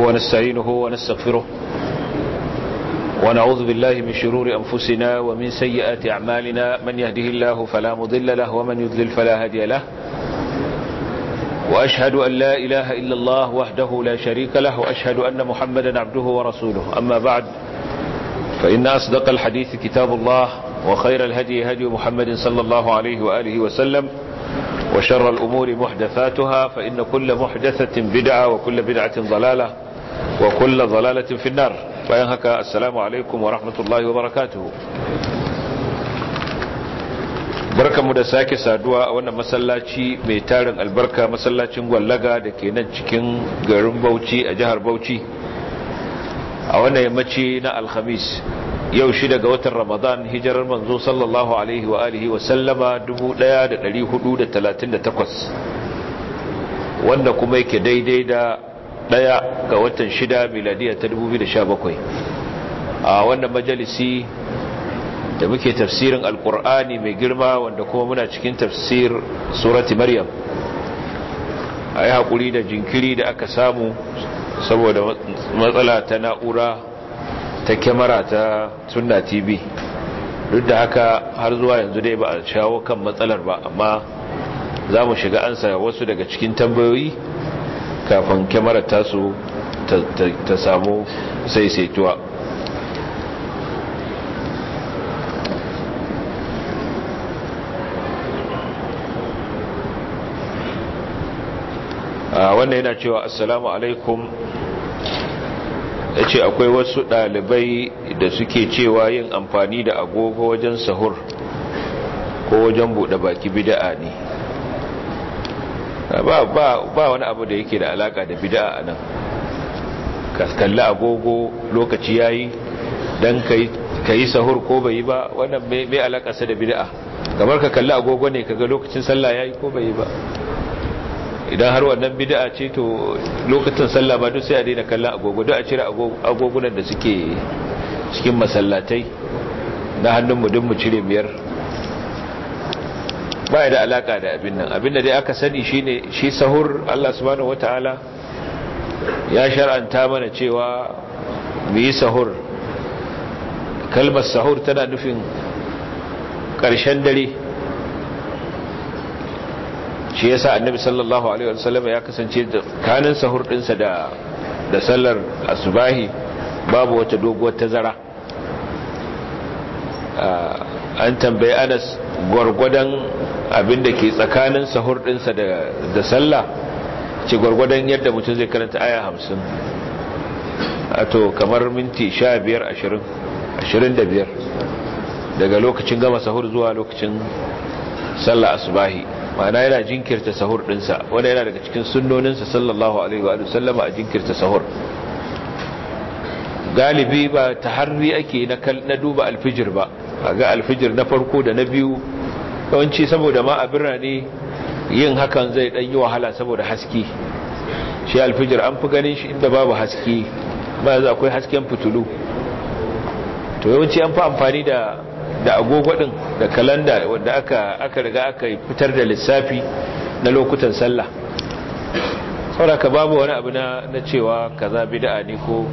ونستعينه ونستغفره ونعوذ بالله من شرور أنفسنا ومن سيئات أعمالنا من يهده الله فلا مضل له ومن يذلل فلا هدي له وأشهد أن لا إله إلا الله وحده لا شريك له وأشهد أن محمدا عبده ورسوله أما بعد فإن أصدق الحديث كتاب الله وخير الهدي هدي محمد صلى الله عليه وآله وسلم وشر الأمور محدثاتها فإن كل محدثة بدعة وكل بدعة ضلالة wa kulla zalalatin finnar bayan haka assalamu alaikum wa rahmatullahi wa barakatuhu barkamu da sake saduwa a wannan masallaci mai tarin albarka masallacin gwallaga da ke nan cikin garin bauchi a jihar bauchi a wannan yammaci na alhamis yau shi daga watan ramadan hijirar manzo sallallahu alaihi wa alihi wa sallama 1438 wanda kuma yake daidai da ɗaya ga watan shida miladiya ta bakwai a wannan majalisi da muke tafsirin alkur'ani mai girma wanda kuma muna cikin tafsir surati maryam a yi haƙuri da jinkiri da aka samu saboda matsala ta na'ura ta kyamara ta sunna tv duk da haka har zuwa yanzu dai ba a shawo kan matsalar ba amma za mu shiga ansa wasu daga cikin tambayoyi kafin kyamarar tasu ta samu sai a wannan yana cewa assalamu alaikum ya ce akwai wasu ɗalibai da suke cewa yin amfani da agogo wajen sahur ko wajen buɗe baki bida'a ne ba wani abu da yake da alaka da bid'a nan kaskalla agogo lokaci yayi don ka yi sahur ko bai yi ba wannan me alakasa sa da bid'a kamar ka kalla agogo ne kaga lokacin sallah yayi ko bai yi ba idan har wannan bid'a ce to lokacin sallah ba duk sai a daina kallon agogo duk a cire agogunan da suke cikin masallatai na hannunmu duk mu cire biyar ba da alaka da abin nan abin da dai aka sani shine shi sahur Allah subhanahu wataala ya shar'anta mana cewa mu yi sahur kalmar sahur tana nufin ƙarshen dare shi yasa annabi sallallahu alaihi wasallam ya kasance da kanin sahur dinsa da da sallar asubahi babu wata doguwar tazara ah, an tambaye Anas gwargwadon abinda ke tsakanin sahur dinsa da sallah ce gwargwadon yadda mutum zai karanta aya hamsin a to kamar minti sha biyar ashirin ashirin da biyar daga lokacin gama sahur zuwa lokacin sallah asubahi mana yana jinkirta sahur dinsa wanda yana daga cikin sunnoninsa sallallahu alaihi wa sallama a jinkirta sahur galibi ba ta harri ake na duba alfijir ba ga alfijir na farko da na biyu yawanci saboda ma a birane yin hakan zai dan yi wahala saboda haske shi alfijir an fi ganin shi inda babu haske ba za akwai hasken fitulu to yawanci an fi amfani da da agogo din da kalanda wanda aka aka riga aka fitar da lissafi na lokutan sallah ka babu wani abu na cewa ka kaza da'a ne ko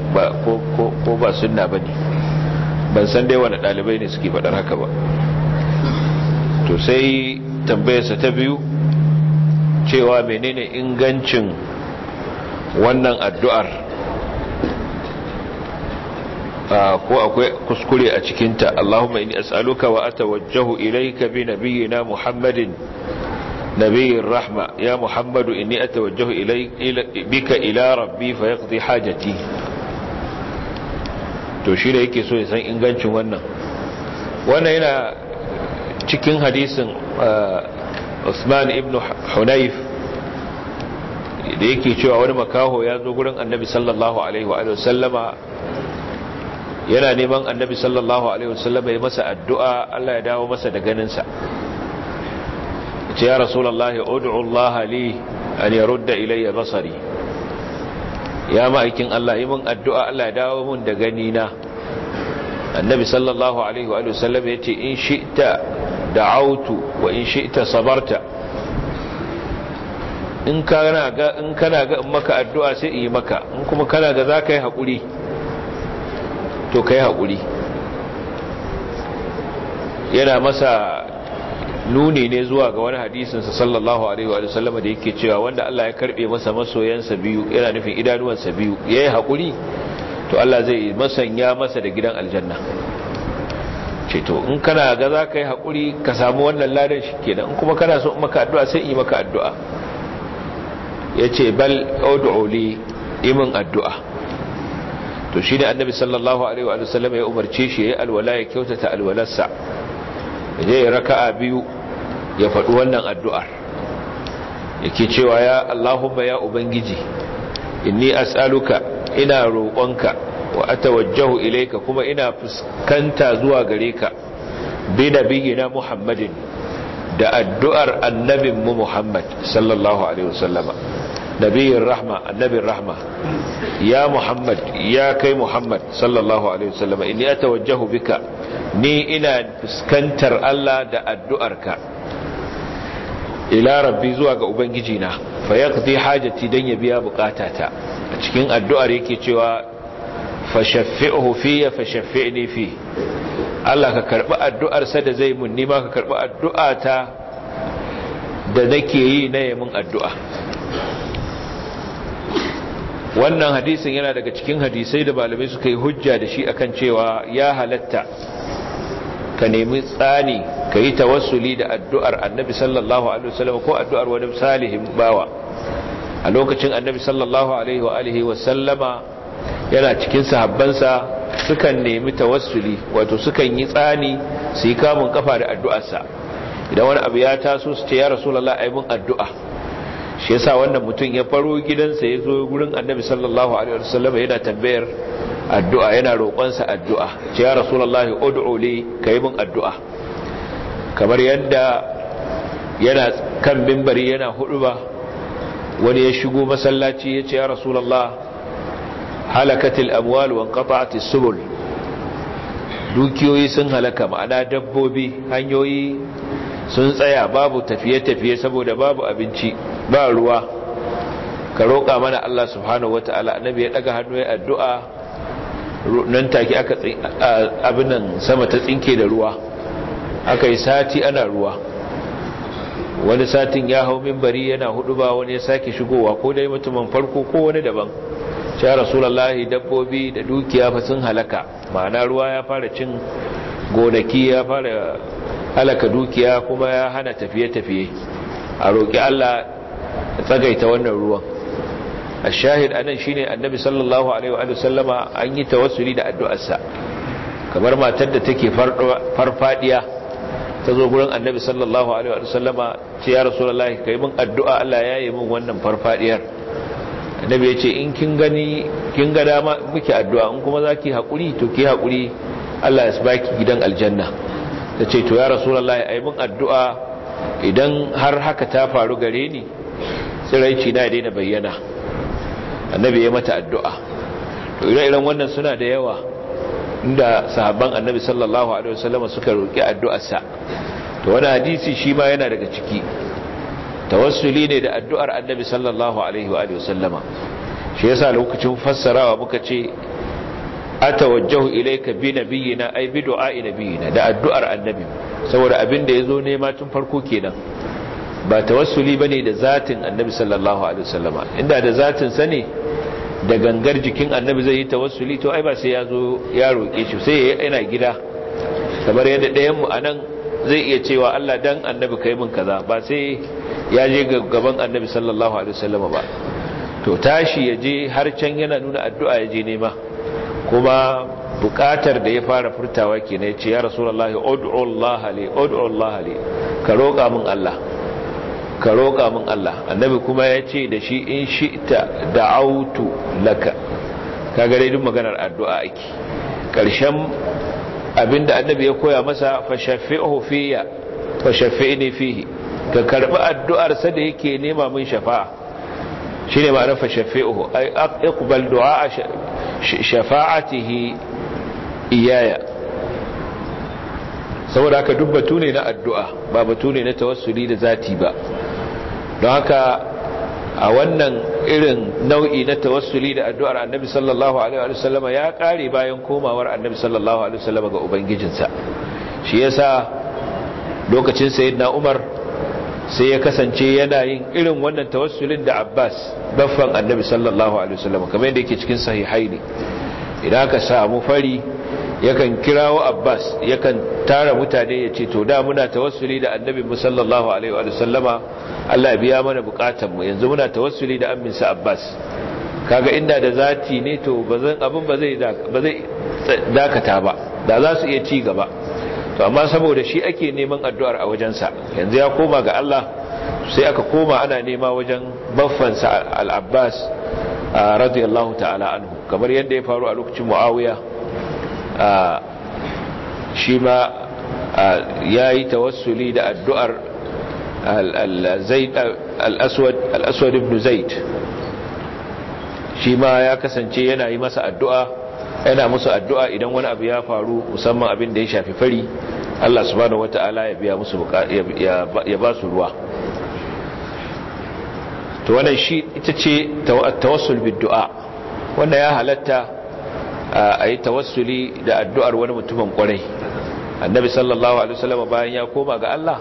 ba suna ba ne ban san dai wani dalibai ne suke faɗar haka ba to sai tambayarsa ta biyu cewa menene ingancin wannan addu'ar ko akwai kuskure a cikinta Allahumma inni as'aluka wa atawajjahu ilayka bi nabiyyina Muhammadin نبي الرحمة يا محمد إني أتوجه إلي بك إلى ربي فيقضي حاجتي to shi سوية yake so ya san ingancin wannan wannan yana cikin hadisin uh, Usman ibnu Hunayf da yake cewa wani makaho ya عليه وآله annabi yana neman annabi sallallahu alaihi wasallam ya masa addu'a Allah ya dawo masa da ganin sa. ce ya rasulallahi ud'u Allah li an yarudda ilayya basari ya ma'aikin Allah yi mun addu'a Allah ya dawo mun da ganina annabi sallallahu alaihi wa sallam ce in shi ta da'autu wa in shi ta sabarta in kana ga in kana ga maka addu'a sai in yi maka in kuma kana ga zaka yi hakuri to kai hakuri yana masa nuni ne zuwa ga wani hadisin sa sallallahu alaihi wa sallam da yake cewa wanda Allah ya karbe masa masoyansa biyu yana nufin idanuwansa biyu yayi hakuri to Allah zai masanya masa da gidan aljanna ce to in kana ga za ka yi hakuri ka samu wannan ladan shi kenan in kuma kana so maka addu'a sai yi maka addu'a ya ce bal ud'u li imin addu'a to shi annabi sallallahu alaihi wa sallam ya umarce shi ya yi alwala ya kyautata alwalarsa ya raka'a biyu ya faɗi wannan addu'ar yake cewa ya Allahumma ya ubangiji inni as'aluka ina roƙonka wa atawajjahu ilaika kuma ina fuskanta zuwa gare ka bi nabiyina Muhammadin da addu'ar annabin mu Muhammad sallallahu alaihi wasallama nabiyin rahma annabin rahma ya Muhammad ya kai Muhammad sallallahu alaihi wasallama inni atawajjahu bika ni ina fuskantar Allah da addu'arka ila rabbi zuwa ga ubangiji na fa yaqdi hajati dan ya biya bukatata a cikin addu'ar yake cewa fa shaffi'hu ya fa shaffi'ni fi Allah ka karbi addu'ar sa da zai mun nima ka karbi ta da nake yi na mun addu'a wannan hadisin yana daga cikin hadisai da malamai suka yi hujja da shi akan cewa ya halatta ka nemi tsani ka yi tawassuli da addu'ar annabi sallallahu alaihi wasallam ko addu'ar wani salihin bawa a lokacin annabi sallallahu alaihi wa wasallama yana cikin sahabbansa sukan nemi tawassuli wato sukan yi tsani su yi kamun kafa da addu'arsa idan wani abu ya taso su ce ya rasu ai mun addu'a shi yasa wannan mutum ya faro gidansa ya zo gurin annabi sallallahu alaihi wasallam yana tambayar addu'a yana roƙonsa addu'a ce ya rasulullahi ud'u li kai min addu'a kamar yadda yana kan mimbari yana huduba wani ya shigo masallaci ya ce ya rasulullah halakatil amwal wa qata'atis subul dukiyoyi sun halaka ma'ana dabbobi hanyoyi sun tsaya babu tafiye-tafiye saboda babu abinci ba ruwa ka roƙa mana Allah subhanahu wata'ala annabi ya daga hannu ya addu'a nan take aka abinan sama ta tsinke da ruwa aka yi sati ana ruwa wani satin ya hau mimbari yana hudu ba wani ya sake shigowa ko dai mutumin farko ko wani daban sha rasulallahi dabbobi da dukiya fa sun halaka ma'ana ruwa ya fara cin gonaki ya fara halaka dukiya kuma ya hana tafiye-tafiye a roƙi allah tsagaita wannan ruwan ashahid anan shine annabi sallallahu alaihi wa sallama an yi tawassuli da addu'arsa kamar matar da take farfadiya ta zo gurin annabi sallallahu alaihi wa sallama ce ya rasulullahi kai min addu'a Allah ya yi min wannan farfadiyar annabi ya ce in kin gani kin ga dama muke addu'a in kuma zaki hakuri to ki hakuri Allah ya baki gidan aljanna ta ce to ya rasulullahi ai min addu'a idan har haka ta faru gare ni tsiraici na daina bayyana annabi ya mata addu'a to ire-iren wannan suna da yawa inda sahabban annabi sallallahu alaihi wasallam suka roki addu'arsa to wani hadisi shi ma yana daga ciki tawassuli ne da addu'ar annabi sallallahu alaihi wa sallama shi yasa lokacin fassarawa muka ce atawajjahu ilayka bi nabiyina ay bi du'a'i nabiyina da addu'ar annabi saboda abin da yazo nema tun farko kenan ba tawassuli ne da zatin annabi sallallahu alaihi wasallama inda da zatin sa ne da gangar jikin annabi zai yi tawassuli to ai ba sai ya zo ya roke shi sai yana gida kamar yadda ɗayan mu anan zai iya cewa Allah dan annabi kai mun kaza ba sai ya je gaban annabi sallallahu alaihi wasallama ba to tashi yaje har can yana nuna addu'a ya je nema kuma bukatar da ya fara furtawa kenan ya ce ya rasulullahi ud'u Allah li ud'u Allah li ka roƙa min Allah ka roƙa min Allah annabi kuma ya ce da shi in shi'ta da'autu laka ka dai duk maganar addu'a ake ƙarshen abinda annabi ya koya masa fa shafi'uhu fiyya fa shafi'ni fihi ka karbi addu'ar sa da yake nema min shafa'a shine ma'anar fa shafi'uhu ai aqbal du'a shafa'atihi iyaya saboda haka duk batu ne na addu'a ba batu ne na tawassuli da zati ba don haka a wannan irin nau'i na tawassuli da addu'ar annabi sallallahu alaihi wa sallam ya kare bayan komawar annabi sallallahu alaihi wa sallam ga ubangijinsa shi yasa lokacin sayyidina umar sai ya kasance yana yin irin wannan tawassulin da abbas baffan annabi sallallahu alaihi wa sallam kamar yadda yake cikin sahihaini idan ka samu fari yakan kirawo abbas yakan tara mutane ya ce to da muna tawassuli da annabi musallallahu alaihi wa sallama allah ya biya mana mu. yanzu muna tawassuli da amminsa abbas kaga inda da zati ne to abin ba zai dakata ba da za su iya ci gaba to amma saboda shi ake neman addu'ar a wajensa yanzu ya koma ga allah sai aka koma ana nema wajen baffansa abbas radiyallahu ta'ala anhu kamar yadda ya faru a lokacin mu'awiya shi ma ya yi tawassuli da addu'ar al'aswad ibn zaid shi ma ya kasance yana yi masa addu'a yana musu addu'a idan wani abu ya faru musamman abin da ya shafi fari Allah subhanahu wata'ala ya biya musu ya ba su ruwa to wannan shi ita ce tawassul bid du'a wanda ya halatta a yi tawassuli da addu'ar wani mutumin kwarai annabi sallallahu alaihi wasallam bayan ya koma ga Allah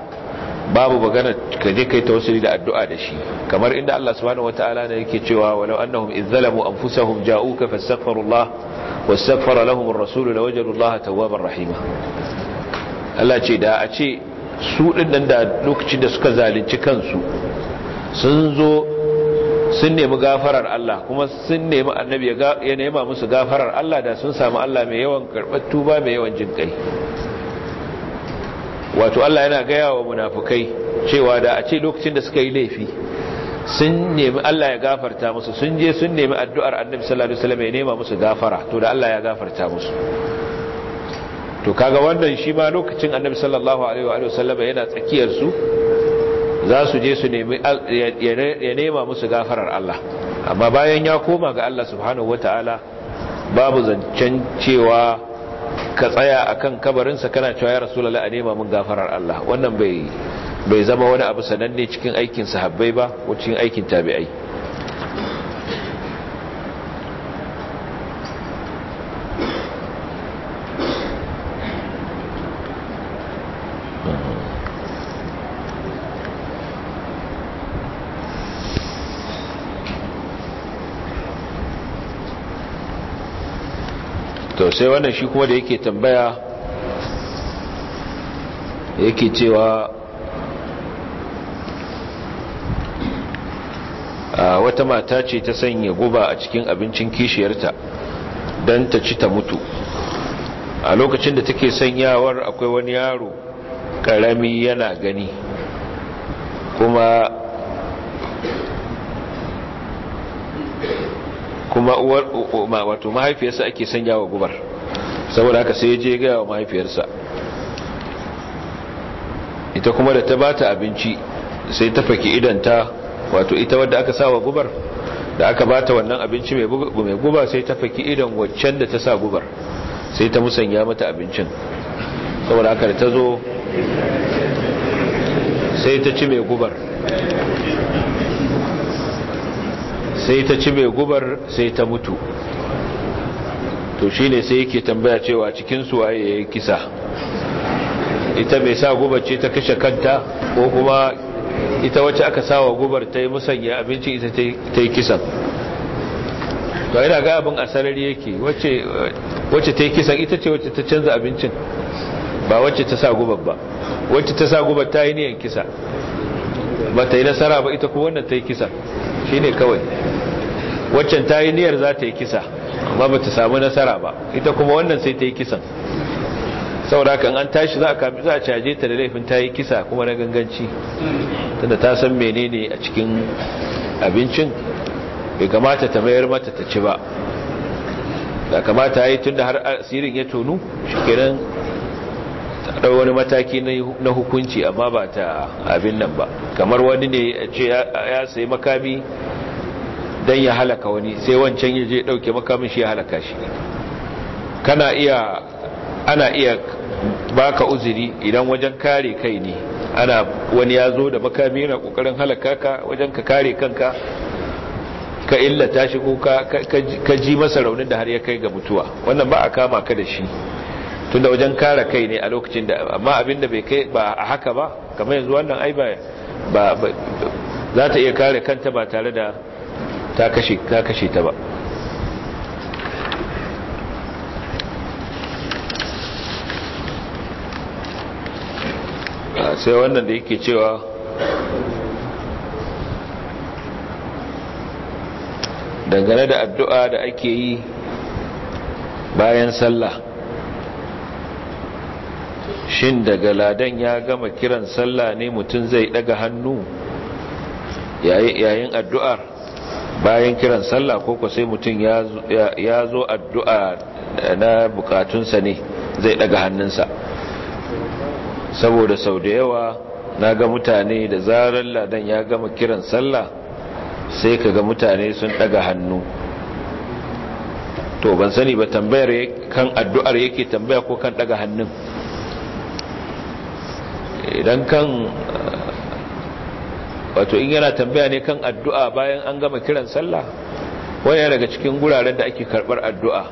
babu magana ka je kai tawassuli da addu'a da shi kamar inda Allah subhanahu wataala ne yake cewa walau annahum izzalamu anfusahum ja'uka fastaghfirullah wastaghfara lahum ar-rasul lawajadu Allah tawwabar rahima Allah ce da a ce su din nan da lokacin da suka zalunci kansu sun zo sun nemi gafarar Allah kuma sun nemi annabi ya nema musu gafarar Allah da sun samu Allah mai yawan karɓar tuba mai yawan jin kai wato Allah yana gaya wa munafukai cewa da a ce lokacin da suka yi laifi sun nemi Allah ya gafarta musu sun je sun nemi addu'ar annabi sallallahu alaihi wasallam ya nema musu gafara to da Allah ya gafarta musu to kaga wannan shi ma lokacin annabi sallallahu alaihi wasallam yana tsakiyar su za su je su nemi ya nema musu gafarar Allah amma bayan ya koma ga Allah subhanahu wataala babu zancen cewa ka tsaya akan kabarinsa kana cewa ya rasulullahi a nema mun gafarar Allah wannan bai bai zama wani abu sananne cikin aikin sahabbai ba ko cikin aikin tabi'ai sai wannan shi kuma da yake tambaya yake cewa wata mata ce ta sanya guba a cikin abincin kishiyarta don ta ci ta mutu a lokacin da take sanyawar akwai wani yaro karami yana gani kuma kuma uwar wato mahaifiyarsa ake sanya wa gubar saboda haka sai je ga mahaifiyarsa ita kuma da ta bata abinci sai ta faki idanta wato ita wadda aka sa wa gubar da aka bata wannan abinci mai guba sai ta faki idan waccan da ta sa gubar sai ta musanya mata abincin saboda haka da ta zo sai ta ci mai gubar sai ta ci mai gubar sai ta mutu to shine sai yake tambaya cewa cikin suwaye ya yi kisa ita mai sa gubar ce ta kashe kanta ko kuma ita wacce aka sawa gubar ta yi musanya abinci ita ta yi kisan to yana ga abin sarari yake wacce ta yi kisan ita ce wacce ta canza abincin ba wacce ta sa gubar ba wacce ta sa gubar ta yi niyan kisa ba ta yi nasara ba ita kuma wannan ta yi kisan shine kawai waccan ta yi niyyar za ta yi kisa amma ba ta samu nasara ba ita kuma wannan sai ta yi kisan saboda kan an tashi za a caje ta da laifin ta yi kisa kuma na ganganci tunda ta san menene a cikin abincin bai kamata ta mayar mata ta ci ba da kamata ya yi tun da har asirin ya tonu shekirin ta wani mataki na hukunci amma ba ta abin nan ba kamar wani ne ce ya sayi makami don ya halaka wani sai wancan ya je ɗauke makamin shi ya halaka shi kana iya ana iya baka uzuri idan wajen kare kai ne ana wani ya zo da makami yana kokarin halaka ka wajen ka kare kanka ka illata shi ko ka ji masa raunin da har ya kai ga mutuwa wannan ba a kama ka da shi tunda wajen kare kai ne a lokacin da amma abin da bai kai ba a haka ba kamar yanzu wannan ai ba za ta iya kare kanta ba tare da ta kashe ta ba ah, sai wannan da yake cewa dangane da addu'a da ake yi bayan sallah shin daga ladan ya gama kiran sallah ne mutum zai daga hannu yayin addu'ar bayan kiran sallah ko ko sai mutum ya zo addu'a na bukatunsa ne zai daga hannunsa saboda sau da yawa na ga mutane da zarar ladan ya gama kiran sallah sai ka ga mutane sun daga hannu to ban sani ba tambayar kan addu'ar yake tambaya ko kan daga hannun idan kan wato in yana tambaya ne kan addu'a bayan an gama kiran sallah wani daga cikin guraren da ake karbar addu'a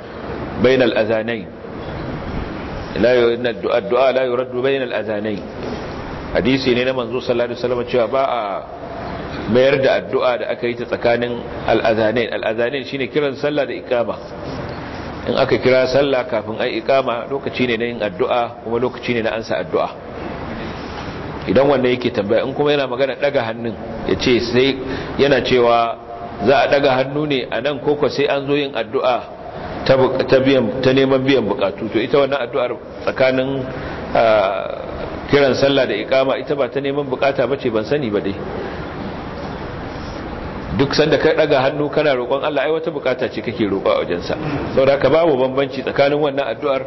bainal azanai addu'a la yuraddu bainal azanai hadisi ne na manzo sallallahu alaihi wasallam cewa ba a mayar da addu'a da aka yi ta tsakanin al azanai shine kiran sallah da ikama in aka kira sallah kafin ai ikama lokaci ne na yin addu'a kuma lokaci ne na ansa addu'a idan wanda yake tambaya in kuma yana magana daga hannun ya ce sai yana cewa za a daga hannu ne a nan koko sai an zo yin addu'a ta neman biyan bukatu to ita wannan addu'ar tsakanin ah, kiran sallah da ikama ita ba ta neman bukata ba ce ban sani ba dai duk sanda ka daga hannu kana roƙon Allah ai wata bukata ce kake roƙo a wajensa saboda ka babu bambanci tsakanin wannan addu'ar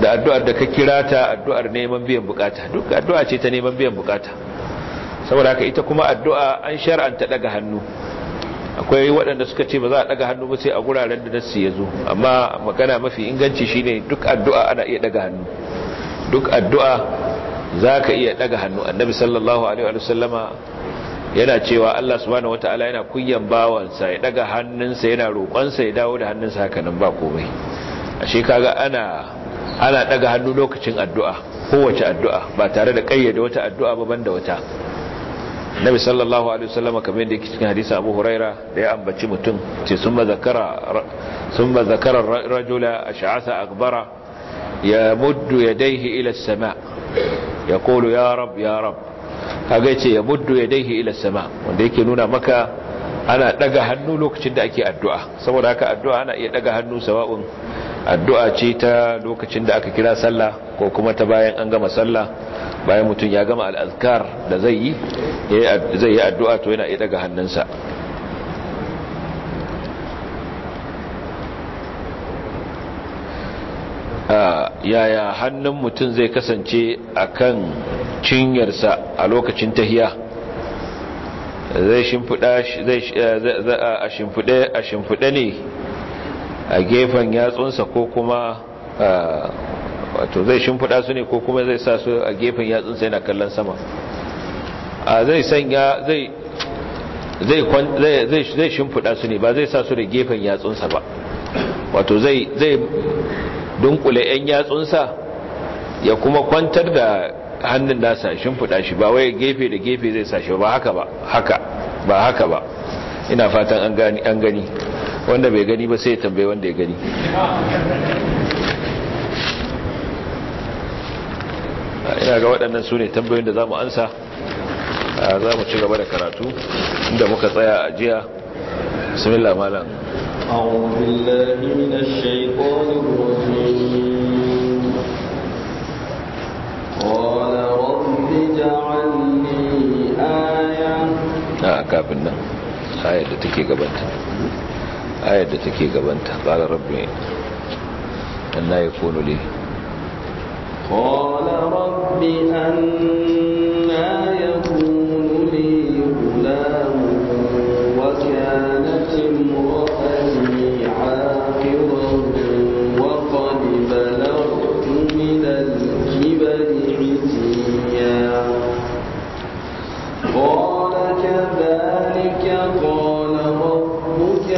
da addu'ar da ka kira ta addu'ar neman biyan bukata duk addu'a ce ta neman biyan bukata saboda ka ita kuma addu'a an shar'anta daga hannu akwai waɗanda suka ce ba za a daga hannu ba sai a guraren da nassi ya zo amma magana mafi inganci shine duk addu'a ana iya daga hannu duk addu'a za ka iya daga hannu annabi sallallahu alaihi wa sallama yana cewa Allah subhanahu wataala yana kunyan bawansa ya daga hannunsa yana roƙonsa ya dawo da hannunsa hakanan ba komai ashe kaga ana ana daga hannu lokacin addu'a kowace addu'a ba tare da kayyade wata addu'a ba banda wata Nabi sallallahu alaihi wasallam kamar yadda yake cikin hadisi Abu Huraira da ya ambaci mutum ce summa zakara summa zakara rajula ash'asa akbara ya muddu yadayhi ila as-sama yaqulu ya rab ya rab kaga yace ya muddu yadayhi ila sama wanda yake nuna maka ana daga hannu lokacin da ake addu'a saboda haka addu'a ana iya daga hannu sawa'un addu'a ce ta lokacin da aka kira sallah ko kuma ta bayan an gama sallah bayan mutum ya gama al-azkar da zai yi zai yi addu'a to yana iya daga hannunsa Ah, yaya hannun mutum zai kasance a kan cinyarsa a lokacin tahiya zai eh, ah, shimfiɗe a shimfiɗe ne a gefen yatsunsa ko kuma ah, wato zai shimfiɗa su ne ko kuma zai sa su a gefen yatsunsa yana kallon sama a zai sanya zai zai shimfiɗa su ne ba zai sa su da gefen yatsunsa ba wato zai dunkule 'yan yatsunsa ya kuma kwantar da hannun nasa shimfiɗa shi ba wai gefe da gefe zai sashi ba haka ba haka ba haka ba ina fatan an gani an gani wanda bai gani ba sai ya tambaye wanda ya gani ina ga waɗannan su ne tambayoyin da za mu ansa za mu ci gaba da karatu inda muka tsaya a jiya bismillah malam أعوذ بالله من الشيطان الرجيم kafin nan ayar da take gabanta ayar da take gabanta ƙarar rabbi ɗan na yi fonu ne ƙola rabbi an na yi fonu قال ربك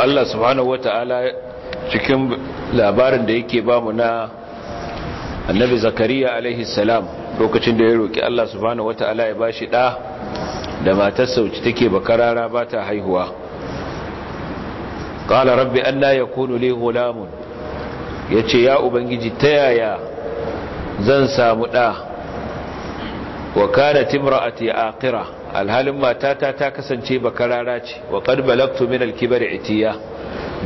Allah subhanahu wata'ala cikin labarin da yake bamu na annabi zakariya alaihi salam lokacin da ya roki Allah subhanahu wata'ala ya bashi da da matar sauci take bakarara ba ta haihuwa qala rabbi Allah ya li ghulamun yace ya ubangiji ta yaya zan samu ɗa? wa kana timra'ati aqira alhalin matata ta kasance bakarara ce wa qad min al itiya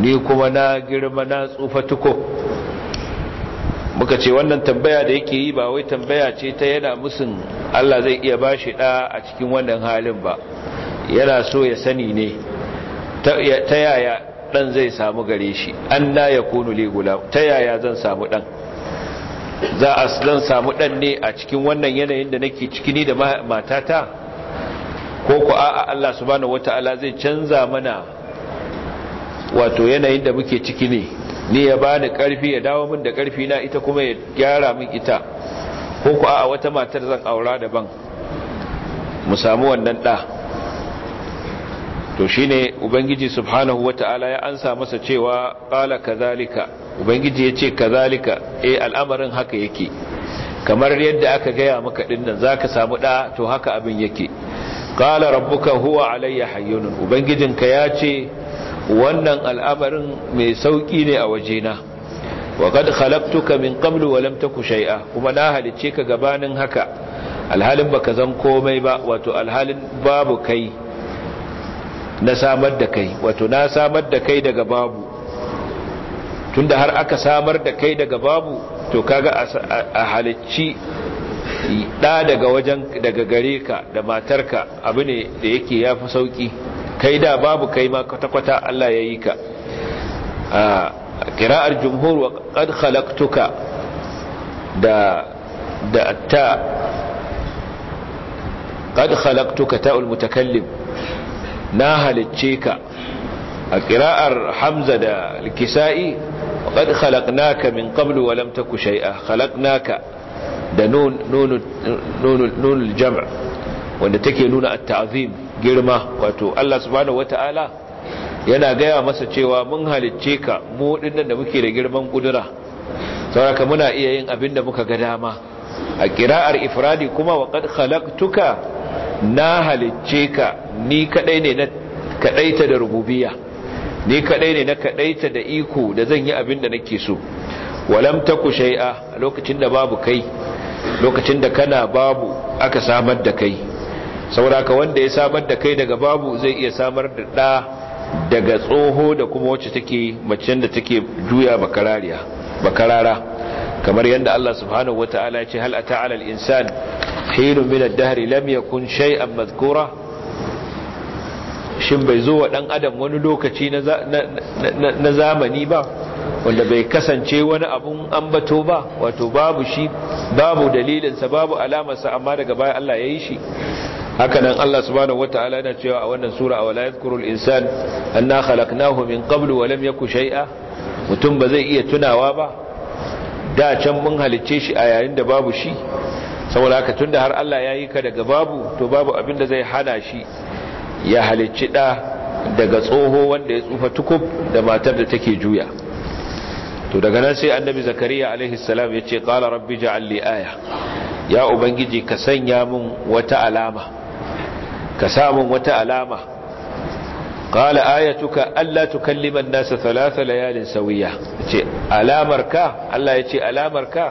ni kuma na girma na tsufa tuko muka ce wannan tambaya da yake yi ba wai tambaya ce ta yana musun Allah zai iya bashi da a cikin wannan halin ba yana so ya sani ne ta yaya dan zai samu gare shi an la ta yaya zan samu dan za a zan samu dan ne a cikin wannan yanayin da nake ciki ni da matata ko ku a'a Allah subhanahu wataala zai canza mana wato yanayin da muke ciki ne ni ya bani karfi ya dawo min da karfi na ita kuma ya gyara min ita ko ku a'a wata matar zan aura daban mu samu wannan da to shine ubangiji subhanahu wataala ya ansa masa cewa qala kadhalika ubangiji ya ce "Kazalika!" eh al'amarin haka yake kamar yadda aka gaya maka dinnan zaka samu da to haka abin yake Kala rabbuka huwa alayya hayyun ubangijinka ya ce wannan al'amarin mai sauki ne a wajena wa kad khalaqtuka min qablu wa lam taku shay'a kuma na halice ka gabanin haka alhalin baka zan komai ba wato alhalin babu kai na samar da kai wato na samar da kai daga babu tunda har aka samar da kai daga babu to kaga a halicci da daga wajen daga gare ka da matarka abu ne da yake fi sauki kai da babu kai ma kwata-kwata Allah ya yi ka a kira'ar jumhur wa ƙad halaktuka da da ta qad halaktuka ta ulmutakallim na halicce ka a kira'ar hamza da kisa'i ƙad khalaqnaka min qablu wa ku shai'a shay'a da nun jam' wanda take nuna at girma wato Allah subhanahu wata'ala yana gaya masa cewa mun halicce ka mu da muke da girman kudura saboda muna iya yin abin da muka ga dama a ar ifradi kuma wa qad na halicce ka ni kadai ne na kadaita da rububiyya ni kadai ne na kadaita da iko da zan yi abin da nake so walam taku shay'a lokacin da babu kai lokacin da kana babu aka samar da kai sauraka wanda ya samar da kai daga babu zai iya samar da ɗa daga tsoho da kuma wacce take macen da take juya bakarariya bakarara kamar yadda Allah subhanahu wata'ala ya ce hal ata alal insan hilun min ad-dahr lam yakun shay'an madhkura shin bai zo wa dan adam wani lokaci na zamani ba wanda bai kasance wani abun ambato ba wato babu shi babu dalilinsa babu alamarsa amma daga baya Allah ya yi shi Hakanan nan Allah subhanahu wataala yana cewa a wannan sura a walayat kurul insan anna khalaqnahu min qablu wa lam yaku shay'a mutum ba zai iya tunawa ba da can mun halicce shi a yayin da babu shi saboda haka tunda har Allah ya yi ka daga babu to babu abin da zai hana shi ya halicci da daga tsoho wanda ya tsufa tukub da matar da take juya to daga nan sai annabi zakariya alaihi salam ya ce qala rabbi ja'al li aya ya ubangiji ka sanya mun wata alama ka sa mun wata alama qala ayatuka alla tukallima an-nasa thalatha layalin sawiya ce alamar ka Allah ya ce alamar ka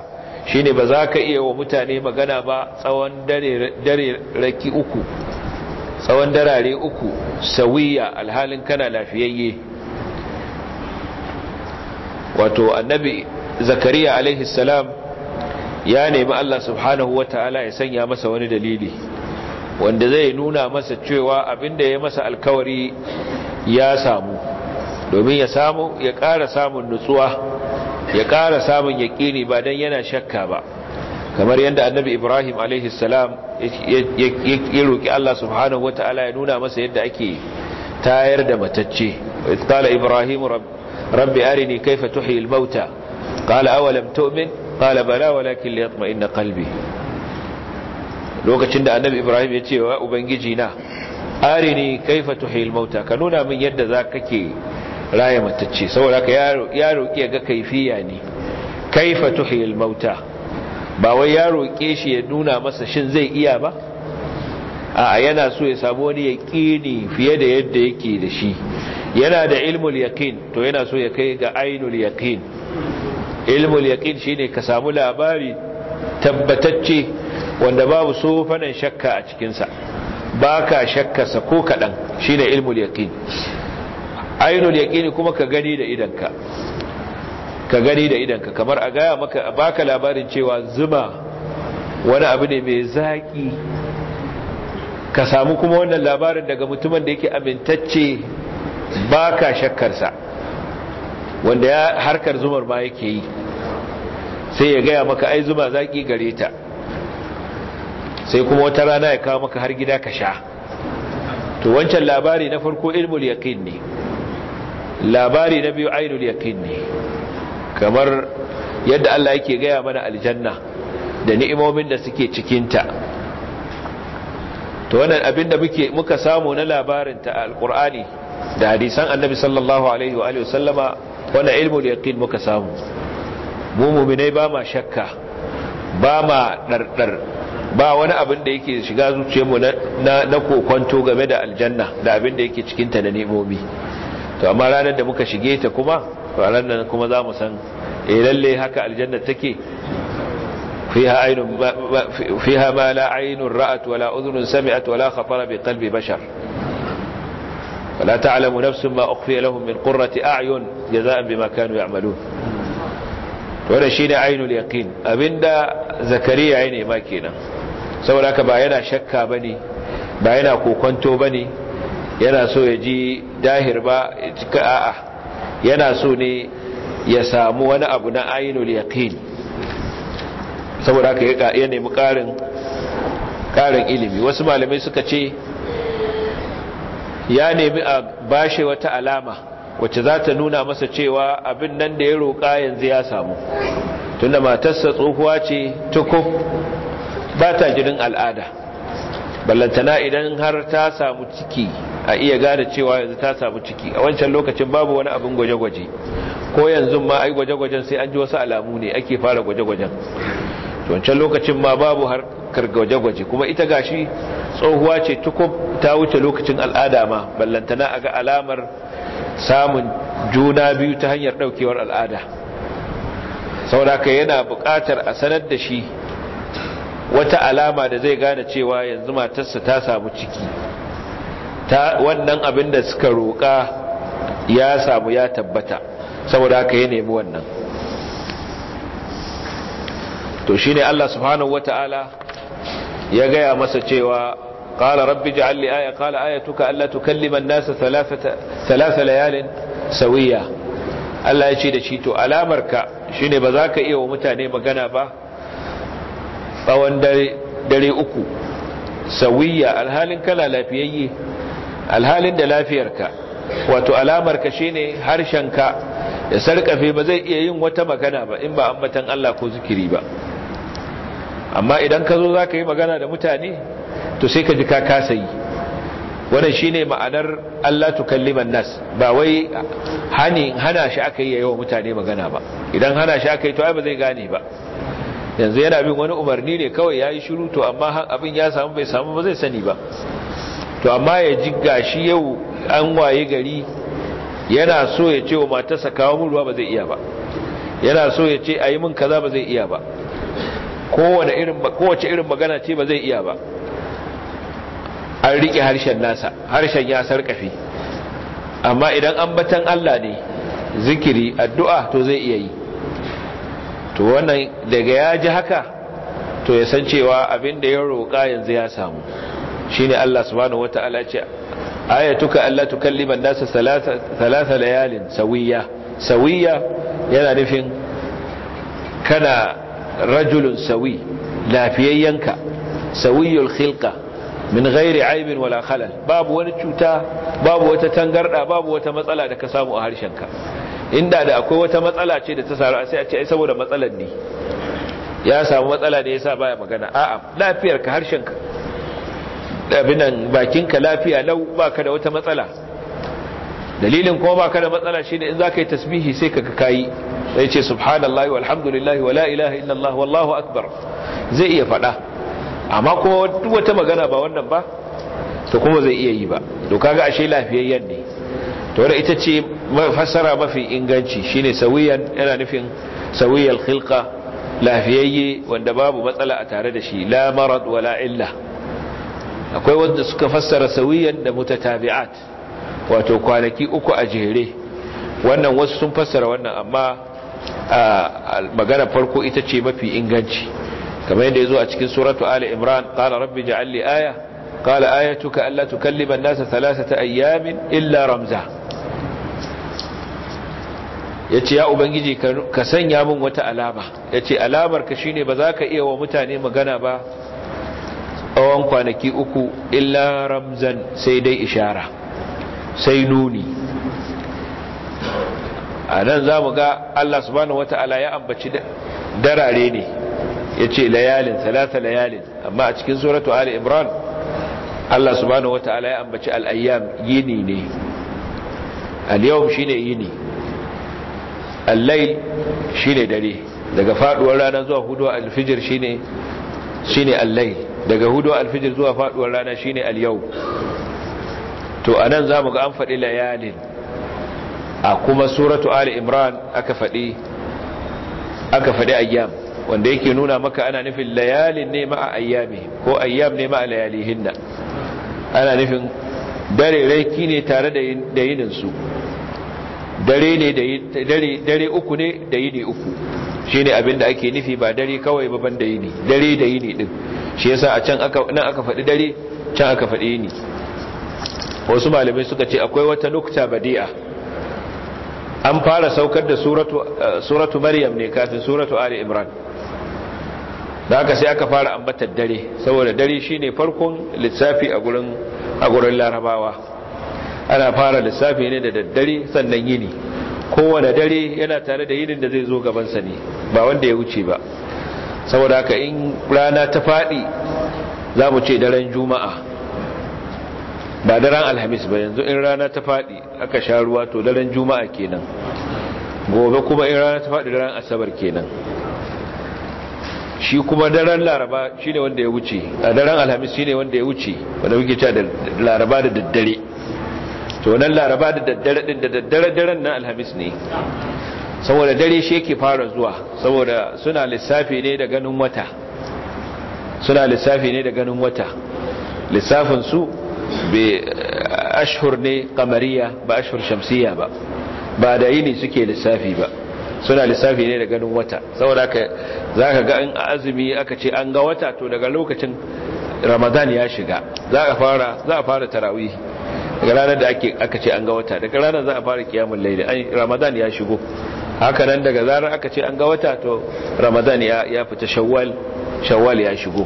shine ba za ka iya wa mutane magana ba tsawon dare dare raki uku tsawon darare uku sawiya alhalin kana lafiyayye wato annabi zakariya alaihi salam ya nemi Allah subhanahu wataala ya sanya masa wani dalili wanda zai nuna masa cewa abinda ya masa alkawari ya samu domin ya samu ya ƙara samun nutsuwa ya ƙara samun yaƙini ba don yana shakka ba kamar yadda annabi ibrahim alaihissalam ya roƙi allah subhanahu wata'ala ya nuna masa yadda ake tayar da matacce ƙala ibrahim rabbi أرني كيف تحيي الموتى قال أولم تؤمن قال بلا bala ليطمئن قلبي qalbi lokacin da annabi ibrahim ya ce wa ubangiji na arini kaifa tuhyi al-mauta ka nuna min yadda za kake raye matacce saboda ya kaifiya ne ba wai ya roke shi ya nuna masa shin zai iya ba a yana so ya samu wani yaƙini fiye da yadda yake da shi yana da ilmul yaqin to yana so ya kai ga ainul yaqin ilmul yaqin shine ka samu labari tabbatacce wanda babu sofanan shakka a cikinsa baka sa ko kadan shine ilmul yaqin ainul yaqini kuma ka gani da idanka ka gani da idanka kamar a gaya maka baka labarin cewa zuma wani abu ne mai zaki ka samu kuma wannan labarin daga mutumin da yake amintacce ba ka shakkarsa wanda ya harkar zumar ma yake yi sai ya gaya maka ai zuma zaki gare ta sai kuma wata rana ya kawo maka har gida ka sha to wancan labari na farko ilmul yaqin ne labari na biyu ainul yaqin ne kamar yadda Allah yake gaya mana aljanna da ni'imomin da suke cikinta to wannan abin da muke muka samu na labarin ta alqur'ani da hadisan annabi sallallahu alaihi wa alihi sallama wanda ilmul yaqin muka samu mu mu'minai ba ma shakka ba ma dardar ba wani abin da yake shiga zuciyar mu na na kokonto game da aljanna da abin da yake cikin ta da nemomi to amma ranar da muka shige ta kuma ranar nan kuma za san eh lalle haka aljanna take فيها عين فيها ما لا عين رأت ولا أذن سمعت khatara bi qalbi bashar. ولا تعلم نفس ما أخفي لهم من قرة أعين جزاء بما كانوا يعملون wannan shine ainul yaqin abinda zakariya ya ma kenan saboda haka ba yana shakka bane ba yana kokonto bane yana so ya ji dahir ba a'a yana so ne ya samu wani abu na ainul yakin saboda haka ya nemi karin karin ilimi wasu malamai suka ce ya nemi a bashi wata alama wacce za ta nuna masa cewa abin nan da ya roƙa yanzu ya samu tunda matarsa tsohuwa ce tukuf ba ta jinin al'ada ballantana idan har ta samu ciki a iya gane cewa yanzu ta samu ciki a wancan lokacin babu wani abin gwaje-gwaje ko yanzu ma ai gwaje-gwajen sai an ji wasu alamu ne ake fara gwaje-gwajen to wancan lokacin ma babu harkar gwaje-gwaje kuma ita gashi tsohuwa ce tukub ta wuce lokacin al'ada ma ballantana a ga alamar samun juna biyu ta hanyar daukewar al'ada sauraka yana bukatar a sanar da shi wata alama da zai gane cewa yanzu matarsa ta samu ciki ta wannan abin da suka roƙa ya samu ya tabbata saboda haka ya nemi wannan to shine Allah subhanahu wataala ya gaya masa cewa qala rabbi ja'al li aya qala ayatuka alla tukallima an-nasa thalathata thalath layalin sawiya Allah ya ce da shi to alamarka shine ba za ka iya wa mutane magana ba tsawon dare dare uku sawiya alhalin kana lafiyayye alhalin da lafiyarka wato alamarka shine harshenka da sarkafe ba zai iya yin wata magana ba in ba ambatan Allah ko zikiri ba amma idan ka zo za ka yi magana da mutane to sai ka ji ka kasa yi wannan shine ma'anar Allah kalliman nas ba wai hani hana shi aka yi wa mutane magana ba idan hana shi aka yi to ai ba zai gane ba yanzu yana bin wani umarni ne kawai yayi shiru to amma abin ya samu bai samu ba zai sani ba to amma ya ji gashi yau an waye gari yana so ya ce wa matarsa kawo mun ruwa ba zai iya ba yana so ya ce ayi mun kaza ba zai iya ba kowace irin irin magana ce ba zai iya ba an rike harshen nasa harshen ya sarkafe amma idan an batan Allah ne zikiri addu'a to zai iya yi to wannan daga ya ji haka to ya san cewa abin da ya roƙa yanzu ya samu shine Allah subhanahu wataala ce ayatuka alla tukalliman nasa thalatha layalin sawiya sawiya yana nufin kana rajulun sawi lafiyayyanka sawiyul khilqa min ghairi aibin wala khalal babu wani cuta babu wata tangarda babu wata matsala da ka samu a harshenka inda da akwai wata matsala ce da ta saru sai a ce saboda matsalar ne ya samu matsala ne yasa baya magana a'a lafiyar ka harshenka abinan bakinka lafiya lau baka wata matsala dalilin kuma baka da matsala shine in zaka yi tasbihi sai ka kayi. zai ce subhanallahi walhamdulillahi wala ilaha illallah wallahu akbar zai iya fada amma kuma duk wata magana ba wannan ba to kuma zai iya yi ba to kaga ashe lafiyayyen ne to ita ce fassara mafi inganci shine sawiyan yana nufin sawiyal khilqa lafiyayye wanda babu matsala a tare da shi la marad wala illa akwai wanda suka fassara sawiyan da mutatabi'at wato kwanaki uku a jere wannan wasu sun fassara wannan amma magana farko ita ce mafi inganci kamar yadda ya zo a cikin suratu ali imran qala rabbi aya li aya tuka Allah tu kalli nasa ta ayyamin illa ramza ce ya ubangiji ka sanya min wata alama yace alamar ka shine ba za ka iya wa mutane magana ba tsawon kwanaki uku illa ramzan sai dai ishara sai nuni a nan za mu ga Allah subhanahu ta'ala ya ambaci darare ne ya ce layalin salata layalin amma a cikin suratu ali imran Allah subhanahu ta'ala ya ambaci al'ayyam yini ne al’yawun shi ne yini Allai shi ne dare daga faduwar rana zuwa hudu alfijir shi ne allai. daga hudu alfijir zuwa faduwar rana shi ne al’yawun to anan mu ga an faɗi layalin a kuma suratu ali imran aka faɗi aka ayyam wanda yake nuna maka ana nufin layalin ne ma a ayyami ko ayyam ne ma a ma'a layalihinna ana nufin dare raiki ne tare da yininsu dare ne dare uku ne da yini uku shi ne abinda ake nufi ba dare kawai ba ban da yini dare da yini din shi yasa a can aka nan aka faɗi dare can aka faɗi yini wasu malamai suka ce akwai wata nukta badi'a an fara saukar da eh, suratu maryam ne kafin suratu ali imran da haka sai aka fara ambatar dare saboda dare shine farkon lissafi a gurin larabawa ana fara lissafi ne da daddare sannan yini kowane dare yana tare da yinin da zai zo gabansa ne ba wanda ya wuce ba saboda haka in rana ta faɗi za mu ce daren juma'a ba daren alhamis ba yanzu in rana ta faɗi aka sha ruwa to daren juma'a kenan gobe kuma in rana ta faɗi daren asabar kenan shi kuma daren laraba shi ne wanda ya wuce a daren alhamis shi ne wanda ya wuce wanda muke cewa laraba da daddare to nan laraba da daddare din da daddare daren nan alhamis ne saboda dare shi yake fara zuwa saboda suna lissafi ne da ganin wata suna lissafi ne da ganin wata lissafin su ashhur ne kamariya ba ashhur shamsiya ba ba da yini suke lissafi ba suna lissafi ne da ganin wata saboda za ka ga in azumi aka ce an ga wata to daga lokacin ramadan ya shiga za a fara za a fara tarawih daga ranar da aka ce an ga wata daga ranar za a fara kiyamun laili ramadan ya shigo haka nan daga zarar aka ce an ga wata to ramadan ya fita shawwal shawwal ya shigo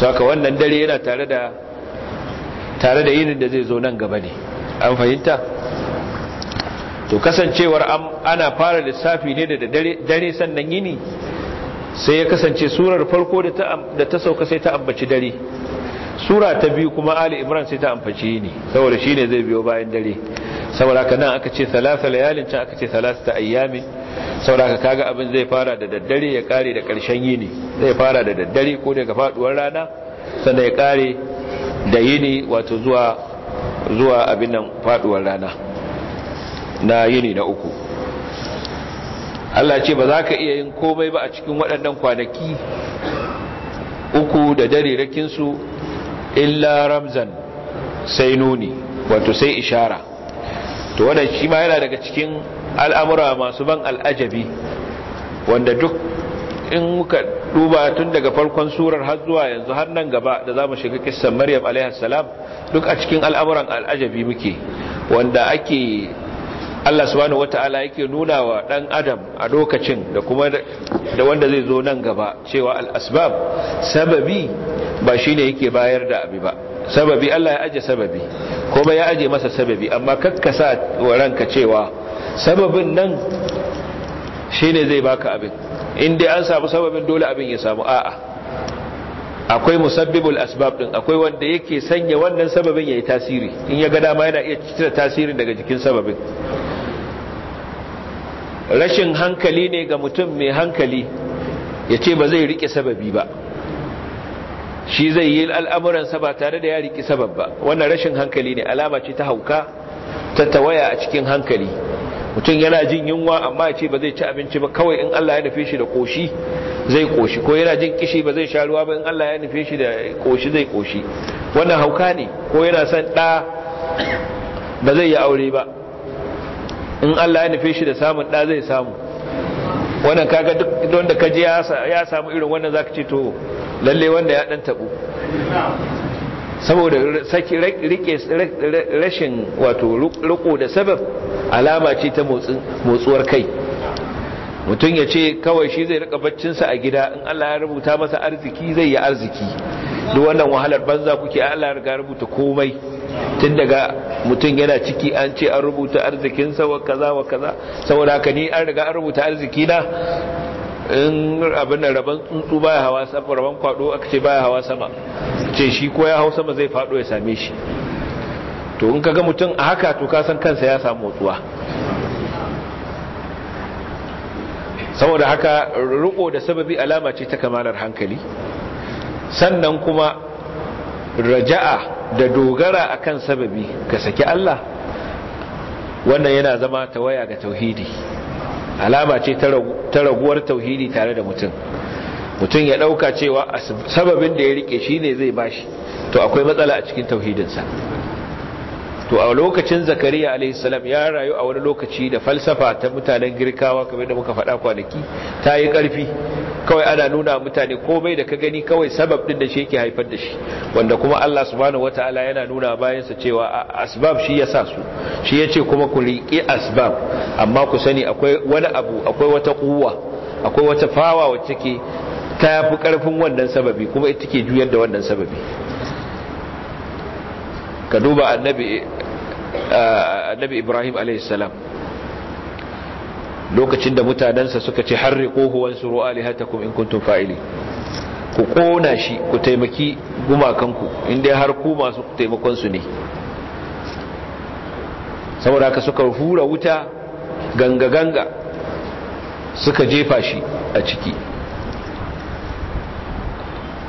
saka wannan dare yana tare da tare da yinin da zai zo nan gaba ne an fahimta to kasancewar ana fara lissafi ne da dare sannan yini sai ya kasance surar farko da ta sauka sai ta ambaci dare sura ta biyu kuma ali imran sai ta ambaci yini saboda shine zai biyo bayan dare saboda haka nan aka ce salasa layalin can aka ce salasa ta ayyamin saboda haka kaga abin zai fara da daddare ya kare da karshen yini zai fara da daddare ko daga faduwar rana sannan ya kare da yini wato zuwa zuwa abin nan faduwar rana na yini na uku Allah ce ba za ka iya yin komai ba a cikin waɗannan kwanaki uku da dare rakinsu illa ramzan sai nuni wato sai ishara to wannan shi ma yana daga cikin al'amura masu ban al'ajabi wanda duk in muka duba tun daga farkon surar har zuwa yanzu har nan gaba da za mu shiga kissan Maryam alaihi salam duk a cikin al'amuran al'ajabi muke wanda ake Allah subhanahu wata'ala yake nuna wa dan adam a lokacin da kuma da wanda zai zo nan gaba cewa al-asbab sababi ba shine yake bayar da abi ba sababi Allah ya aje sababi kuma ya aje masa sababi amma kakkasa wa ranka cewa sababin nan shine zai baka abin in dai an samu sababin dole abin ya samu a'a akwai musabbibul asbab din akwai wanda yake sanya wannan sababin yayi tasiri in ya ga dama yana iya cire tasirin daga jikin sababin rashin hankali ne ga mutum mai hankali ya ce ba zai rike sababi ba shi zai yi al'amuransa ba tare da ya rike sabab ba wannan rashin hankali ne alama ce ta hauka ta tawaya a cikin hankali mutum yana jin yunwa amma ya ce ba zai ci abinci ba kawai in Allah ya nufe shi da koshi zai koshi ko yana jin kishi ba zai sha ruwa ba in Allah ya nufe shi da koshi zai koshi wannan hauka ne ko yana son ɗa ba zai yi aure ba in Allah ya nufe shi da samun ɗa zai samu wannan kaga duk wanda kaji ya samu irin wannan zaka ce to lalle wanda ya dan tabo saboda rike rashin wato riko da sabab alama ce ta motsuwar kai mutum ya ce kawai shi zai rika baccinsa a gida in Allah ya rubuta masa arziki zai yi arziki duk wannan wahalar banza kuke Allah ya rubuta komai tun daga mutum yana ciki an ce an rubuta arzikinsa wa kaza wa kaza saboda haka ni an riga an rubuta arziki na in abin da rabon tsuntsu baya hawa sama rabon kwado aka ce baya hawa sama ce shi ko ya hau sama zai fado ya same shi to in kaga mutum a haka to ka san kansa ya samu motsuwa saboda haka riko da sababi alama ce ta kamalar hankali sannan kuma raja'a da dogara akan sababi ka saki Allah wannan yana zama tawaya ga tauhidi alama ce ta raguwar tauhidi tare da mutum mutum ya dauka cewa sababin da ya rike shi ne zai bashi to akwai matsala a cikin tauhidinsa to a lokacin zakariya alaihissalam ya rayu a wani lokaci da falsafa ta mutanen girkawa kamar da muka faɗa kwanaki ta yi ƙarfi kawai ana nuna mutane komai da ka gani kawai sabab din da shi yake haifar da shi wanda kuma Allah subhanahu wataala yana nuna bayan sa cewa asbab shi ya su shi yace kuma ku riƙe asbab amma ku sani akwai wani abu akwai wata kuwa akwai wata fawa wacce ke ta fi karfin wannan sababi kuma ita ke juyar da wannan sababi ka duba annabi eh, annabi Ibrahim alayhi salam lokacin da mutanensa suka ce harriquhu wansuru alihatakum in kuntum fa'ili ku kona shi ku taimaki gumakanku in dai har ku masu taimakonsu ne saboda haka suka hura wuta ganga ganga suka jefa shi a ciki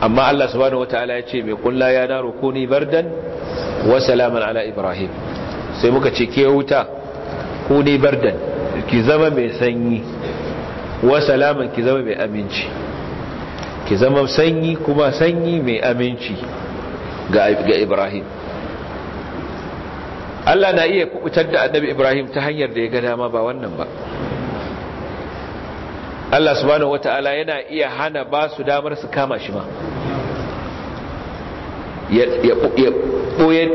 amma Allah subhanahu wataala ya ce mai kulla ya daro ni bardan wa salaman ala ibrahim sai muka ce ke wuta ko ni bardan ki zama mai sanyi wa salaman ki zama mai aminci ki zama sanyi kuma sanyi mai aminci ga Ibrahim Allah na iya kubutar da annabi Ibrahim ta hanyar da ya ga dama ba wannan ba Allah subhanahu wata'ala yana iya hana ba su damar su kama shi ma ya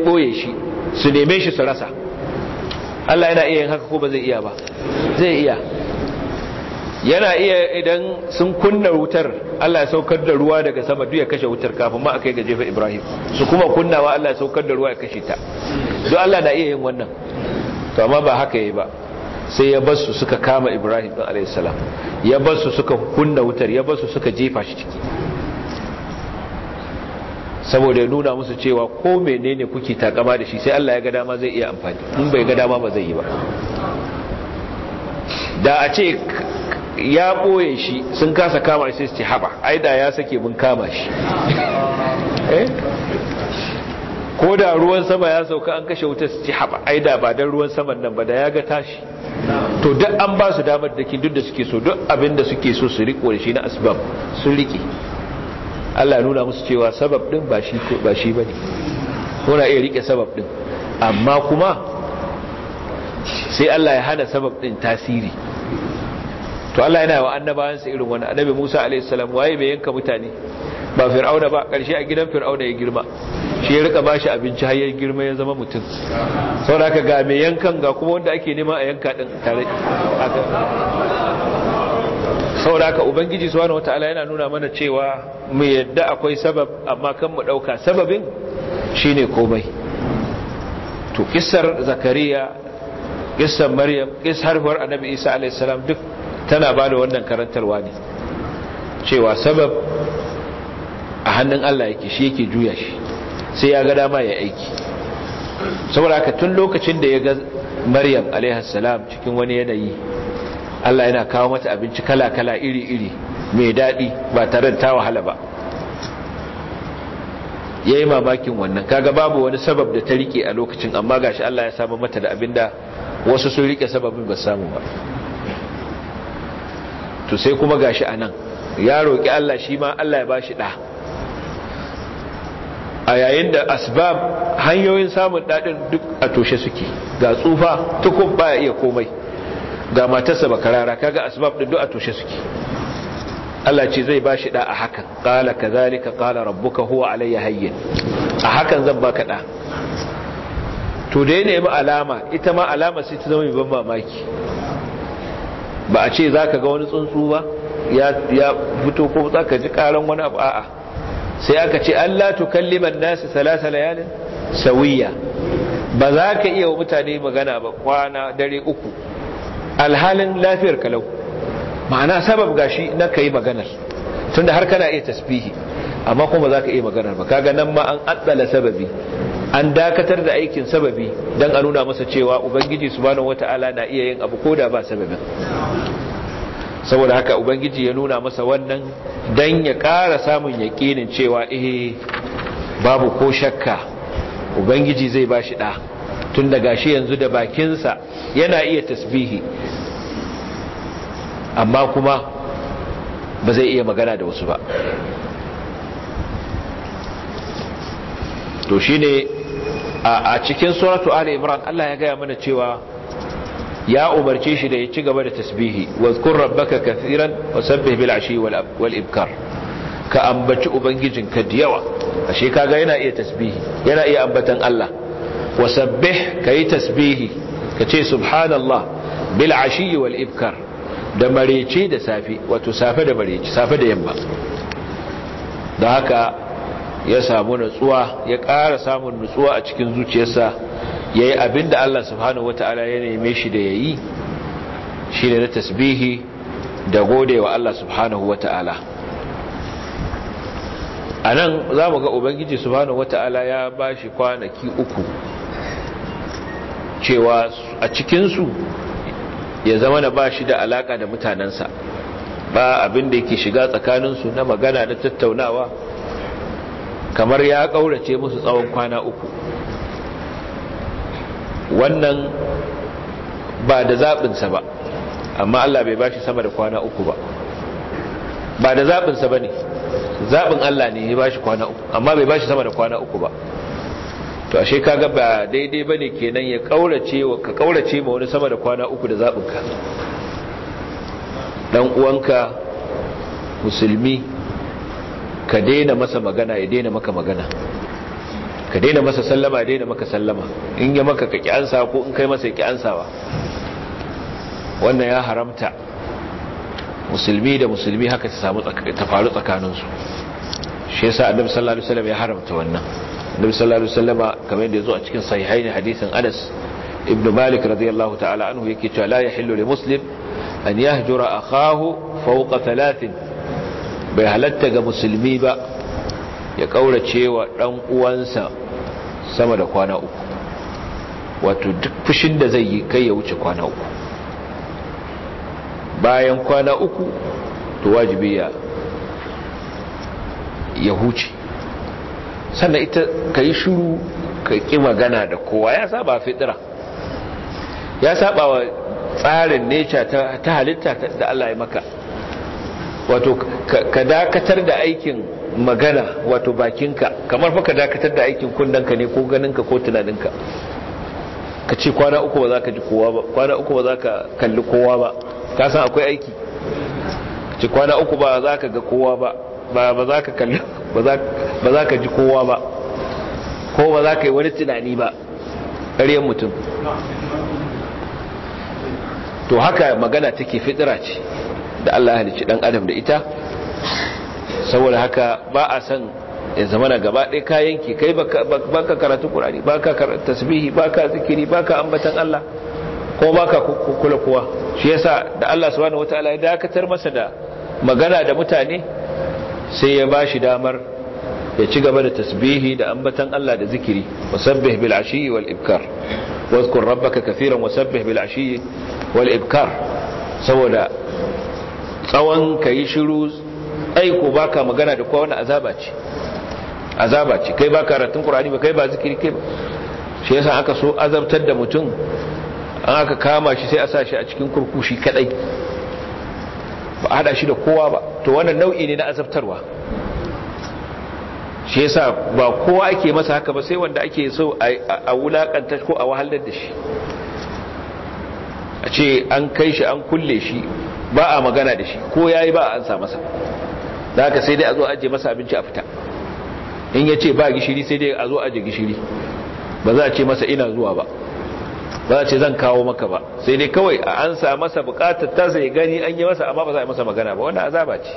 ɓoye shi su neme shi su rasa Allah yana iya yin haka ko ba zai iya ba zai iya yana iya idan sun kunna wutar Allah ya saukar da ruwa daga sama duk ya kashe wutar kafin ma akai kai ga jefa Ibrahim su kuma kunnawa Allah ya saukar da ruwa ya kashe ta duk Allah na iya yin wannan to amma ba haka yayi ba sai ya bar su suka kama Ibrahim din alayhi salam ya bar su suka kunna wutar ya bar su suka jefa shi ciki saboda ya nuna musu cewa ko menene kuke takama da shi sai Allah ya ga dama zai iya amfani in bai ga dama ba zai yi ba da a ce ya ɓoye shi sun kasa kama shi sai haba ai da ya sake mun kama shi eh? ko da ruwan sama ya sauka an kashe wuta su ci haba ai da ba dan ruwan saman nan ba da ya ga tashi to duk an ba su damar da duk da suke so duk abin da suke so su riko da shi na asbab sun riƙe. Allah ya nuna musu cewa sabab din ba shi ba shi bane kuna iya rike sabab din amma kuma sai Allah ya hana sabab din tasiri to Allah yana wa sa irin wani annabi Musa alaihi salam waye bai yanka mutane ba fir'auna ba karshe a gidan fir'auna ya girma shi ya rika bashi abinci har ya girma ya zama mutum saboda ga mai yankan ga kuma wanda ake nema a yanka din tare saboda aka ubangiji subhanahu wataala yana nuna mana cewa mu yadda akwai sabab amma kan mu dauka sababin shine komai to kisar zakariya kisar maryam kissar harfar annabi isa alaihi duk tana bada wannan karantarwa ne cewa sabab a hannun Allah yake shi yake juya shi sai ya ga dama ya aiki saboda tun lokacin da ya ga maryam alaihi salam cikin wani yanayi Allah yana kawo mata abinci kala-kala iri-iri mai daɗi ba tare da ta wahala ba ya yi mamakin wannan kaga babu wani sabab da ta rike a lokacin amma gashi Allah ya samu mata da abinda wasu sun rike sababin ba samu ba to sai kuma gashi anan, nan ya roƙi Allah shi ma Allah ya bashi ɗa a yayin da asbab hanyoyin samun daɗin duk a toshe suke ga tsufa tukun baya iya komai ga matarsa bakarara kaga asbab din du'a toshe suke Allah ce zai bashi da a hakan qala kadhalika qala rabbuka huwa alayya hayyin a hakan zan baka da to da ya nemi alama ita ma alama sai ta zama ban mamaki ba a ce zaka ga wani tsuntsu ba ya ya fito ko zaka ji karan wani abu a'a sai aka ce Allah tukalliman nasu salasa layalin sawiya ba za ka iya wa mutane magana ba kwana dare uku alhalin lafiyar kalau ma'ana sabab gashi na kai maganar tunda har kana iya tasbihi amma kuma za ka iya maganar ba kaga nan ma an addala sababi an dakatar da aikin sababi don a nuna masa cewa ubangiji subhanahu wata'ala na iya yin abu koda ba sababin saboda haka ubangiji ya nuna masa wannan don ya ƙara samun yaƙinin cewa eh babu ko shakka ubangiji zai bashi shi ɗa tun da gashi yanzu da bakinsa yana iya tasbihi amma kuma ba zai iya magana da wasu ba to shi ne a cikin suratu ala imran Allah ya gaya mana cewa ya umarci shi da ya ci gaba da tasbihi wazkur rabbaka kathiran wasabbih bil ashi wal ibkar ka ambaci ubangijinka da yawa ashe kaga yana iya tasbihi yana iya ambatan Allah wasabbih kayi tasbihi kace subhanallah bil ashi wal ibkar da mareci da safi wato safe da mareci safe da yamma da haka ya samu nutsuwa ya ƙara samun nutsuwa a cikin zuciyarsa yayi abinda Allah subhanahu wataala ya neme shi da yayi shine na tasbihi da godewa Allah subhanahu wataala anan zamu ga ubangiji subhanahu wataala ya bashi kwanaki uku cewa a cikinsu ya zama na ba shi da alaka da mutanensa ba abin da yake shiga tsakaninsu na magana da tattaunawa kamar ya ƙaurace musu tsawon kwana uku wannan ba da zaɓinsa ba amma Allah bai ba shi sama da kwana uku ba ba da zaɓinsa ba ne zaɓin Allah ne ya ba shi kwana uku amma bai ba shi sama da kwana uku ba to ashe kaga ba daidai bane kenan ya kaurace ka kaurace ma wani sama da kwana uku da zabin ka dan uwanka musulmi ka daina masa magana ya daina maka magana ka daina masa sallama ya daina maka sallama in ya maka ka kiyansa ko in kai masa ya kiyansawa wannan ya haramta musulmi da musulmi haka ta samu ta faru tsakaninsu shi yasa annabi sallallahu alaihi wasallam ya haramta wannan annabi sallallahu alaihi wasallama kamar yadda yazo a cikin sahihaini hadisin Anas ibn Malik radiyallahu ta'ala anhu yake cewa la yahillu li muslim an yahjura akahu fawqa thalathin bai halatta ga musulmi ba ya kaurace wa dan uwansa sama da kwana uku wato duk fushin da zai yi kai ya wuce kwana uku bayan kwana uku to wajibi ya ya huce sannan ita ka yi shuru ka ƙi magana da kowa ya saba fitira ya saba wa tsarin neca ta halitta da Allah ya maka wato ka dakatar da aikin magana wato bakinka kamar fa ka dakatar da aikin kundanka ne ko ganinka ko tunaninka ka ce kwana uku ba za ka ji kowa ba kwana uku ba za ka kalli kowa ba ka san akwai aiki ka ce kwana uku ba za ka ga kowa ba ba za ka ji kowa ba ko ba za ka yi wani tunani ba ƙaryen mutum to haka magana take fitira ce da Allah halicci dan adam da ita saboda haka ba a san ya zama na gaba ɗaya kayan ki kai ba ka karatu ƙurani ba ka tasbihi ba ka zikiri ba ka ambatan Allah ko ba ka kula kuwa shi yasa da Allah subhanahu ta'ala ya dakatar masa da magana da mutane sai ya bashi damar ya ci gaba da tasbihi da ambatan Allah da zikiri wasabbih bil ashi wal ibkar wazkur rabbaka kaseeran wasabbih bil ashi wal ibkar saboda tsawon kai shiru aiko baka magana da kowa wani azaba ce azaba ce kai baka karatun qur'ani ba kai ba zikiri kai ba shi yasa aka so azabtar da mutum an aka kama shi sai a sa shi a cikin kurkushi kadai ba a hada shi da kowa ba to wannan nau'i ne na azabtarwa shi yasa ba kowa ake masa haka ba sai wanda ake so a wulakanta ko a wahalar da shi a ce an kai shi an kulle shi ba a magana da shi ko yayi ba an sa masa da haka sai dai a zo aje masa abinci a fita in ya ce ba gishiri sai dai a zo aje gishiri ba za a ce masa ina zuwa ba ba ce zan kawo maka ba sai dai kawai an sa masa bukatar ta sai gani an yi masa amma ba za a yi masa magana ba wanda azaba ce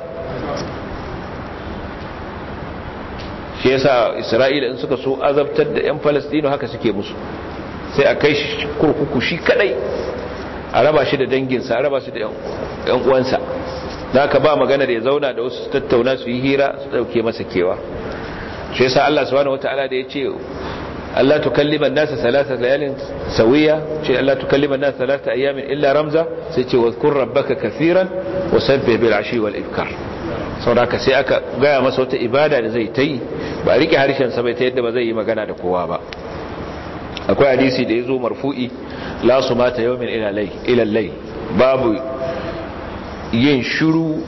shi yasa isra'ila in suka so azabtar da yan falastino haka suke musu sai a kai shi kurkuku shi kadai a raba shi da danginsa a raba shi da yan uwansa da aka ba magana da ya zauna da wasu tattauna su yi hira su dauke masa kewa shi yasa Allah subhanahu wataala da ya ce Allah tukallima an-nasa salata layalin sawiya ce Allah tukallima nasa salata illa ramza sai ce wazkur rabbaka kaseeran wa sabbih bil ashi wal ibkar saboda sai aka gaya masa wata ibada da zai tayi ba rike harshen sa bai ta yadda ba zai yi magana da kowa ba akwai hadisi da yazo marfu'i la sumata yawmin ila lay ila lay babu yin shiru